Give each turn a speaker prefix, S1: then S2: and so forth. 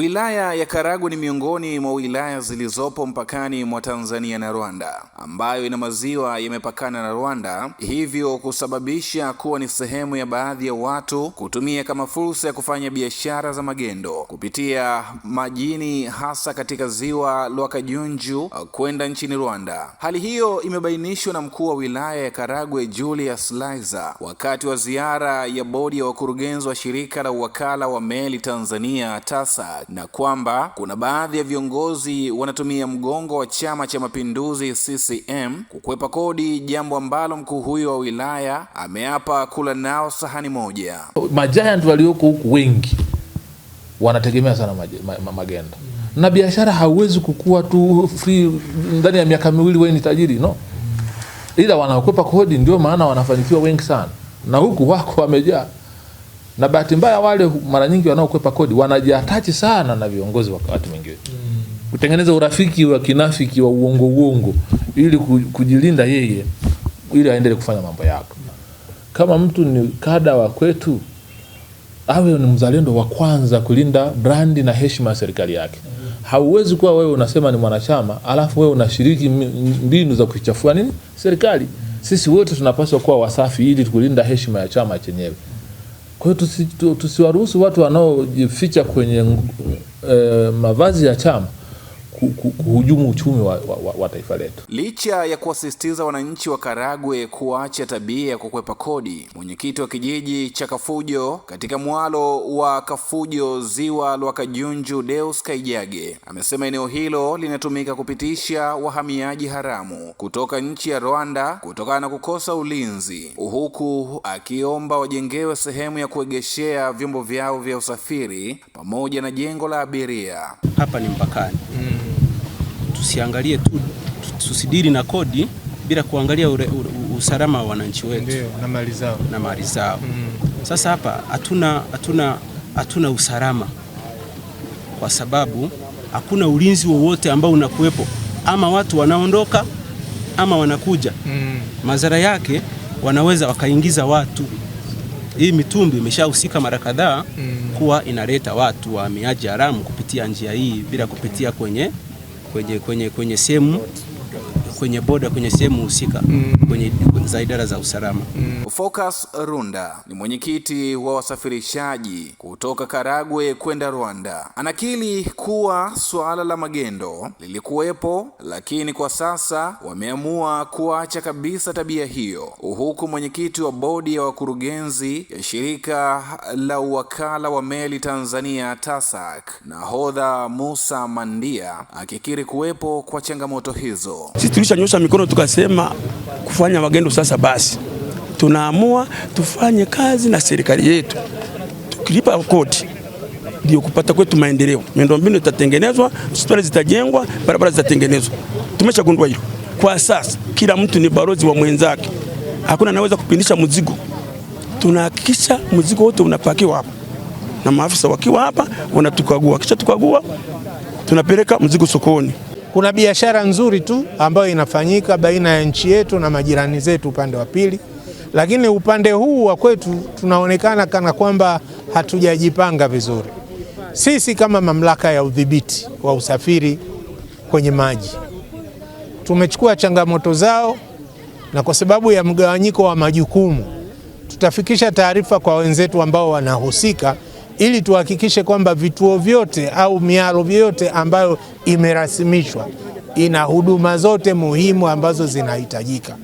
S1: Wilaya ya Karagwe ni miongoni mwa wilaya zilizopo mpakani mwa Tanzania na Rwanda, ambayo ina maziwa yamepakana na Rwanda, hivyo kusababisha kuwa ni sehemu ya baadhi ya watu kutumia kama fursa ya kufanya biashara za magendo kupitia majini, hasa katika ziwa Lwakajunju kwenda nchini Rwanda. Hali hiyo imebainishwa na mkuu wa wilaya ya Karagwe Julius Laizer wakati wa ziara ya bodi ya wakurugenzi wa shirika la uwakala wa meli Tanzania TASAC na kwamba kuna baadhi ya viongozi wanatumia mgongo wa Chama cha Mapinduzi CCM kukwepa kodi, jambo ambalo mkuu huyo wa wilaya ameapa kula nao sahani moja.
S2: Majayant walioko huku wengi wanategemea sana magendo na biashara hauwezi kukua tu free ndani ya miaka miwili, wewe ni tajiri no, ila wanaokwepa kodi ndio maana wanafanikiwa wengi sana, na huku wako wamejaa na bahati mbaya wale mara nyingi wanaokwepa kodi wanajiatachi sana na viongozi wakati mwingine mm. kutengeneza urafiki wa kinafiki wa uongo uongo ili kujilinda yeye ili aendelee kufanya mambo yako. Kama mtu ni kada wa kwetu, awe ni mzalendo wa kwanza kulinda brandi na heshima ya serikali yake. Mm. Hauwezi kuwa wewe unasema ni mwanachama alafu wewe unashiriki mbinu za kuichafua nini serikali. Mm. Sisi wote tunapaswa kuwa wasafi ili kulinda heshima ya chama chenyewe. Kwa hiyo tusiwaruhusu watu wanaojificha kwenye eh, mavazi ya chama kuhujumu uchumi wa, wa, wa taifa letu.
S1: Licha ya kuwasisitiza wananchi wa Karagwe kuacha tabia ya kukwepa kodi, mwenyekiti wa kijiji cha Kafujo katika mwalo wa Kafujo ziwa kajunju Deus Kaijage amesema eneo hilo linatumika kupitisha wahamiaji haramu kutoka nchi ya Rwanda kutokana na kukosa ulinzi, huku akiomba wajengewe sehemu ya kuegeshea vyombo vyao vya usafiri pamoja na jengo la abiria.
S3: Hapa ni mpakani mm tusiangalie tu, tusidiri na kodi bila kuangalia ure, ure, usalama wa wananchi wetu na mali zao, na mali zao. Mm. Sasa hapa hatuna hatuna hatuna usalama kwa sababu hakuna ulinzi wowote ambao unakuwepo, ama watu wanaondoka ama wanakuja. Mm. Madhara yake wanaweza wakaingiza watu. Hii mitumbi imeshahusika mara kadhaa mm. kuwa inaleta watu wahamiaji haramu kupitia njia hii bila kupitia kwenye kwenye, kwenye, kwenye simu kwenye boda kwenye sehemu husika mm. kwenye za idara za usalama
S1: mm. Focus Runda ni mwenyekiti wa wasafirishaji kutoka Karagwe kwenda Rwanda, anakili kuwa suala la magendo lilikuwepo, lakini kwa sasa wameamua kuacha kabisa tabia hiyo, huku mwenyekiti wa bodi ya wakurugenzi ya shirika la uwakala wa meli Tanzania TASAC nahodha Musa Mandia akikiri kuwepo kwa changamoto hizo
S4: tulishanyosha mikono, tukasema kufanya magendo sasa, basi tunaamua tufanye kazi na serikali yetu, tukilipa kodi ndio kupata kwetu maendeleo. Miundombinu itatengenezwa, hospitali zitajengwa, barabara zitatengenezwa. Tumeshagundua hilo. Kwa sasa kila mtu ni barozi wa mwenzake, hakuna anaweza kupindisha mzigo. Tunahakikisha mzigo wote unapakiwa hapa na maafisa wakiwa hapa wanatukagua, kisha tukagua tunapeleka mzigo sokoni
S5: kuna biashara nzuri tu ambayo inafanyika baina ya nchi yetu na majirani zetu upande wa pili, lakini upande huu wa kwetu tunaonekana kana kwamba hatujajipanga vizuri. Sisi kama mamlaka ya udhibiti wa usafiri kwenye maji tumechukua changamoto zao, na kwa sababu ya mgawanyiko wa majukumu tutafikisha taarifa kwa wenzetu ambao wanahusika ili tuhakikishe kwamba vituo vyote au mialo vyote ambayo imerasimishwa ina huduma zote muhimu ambazo zinahitajika.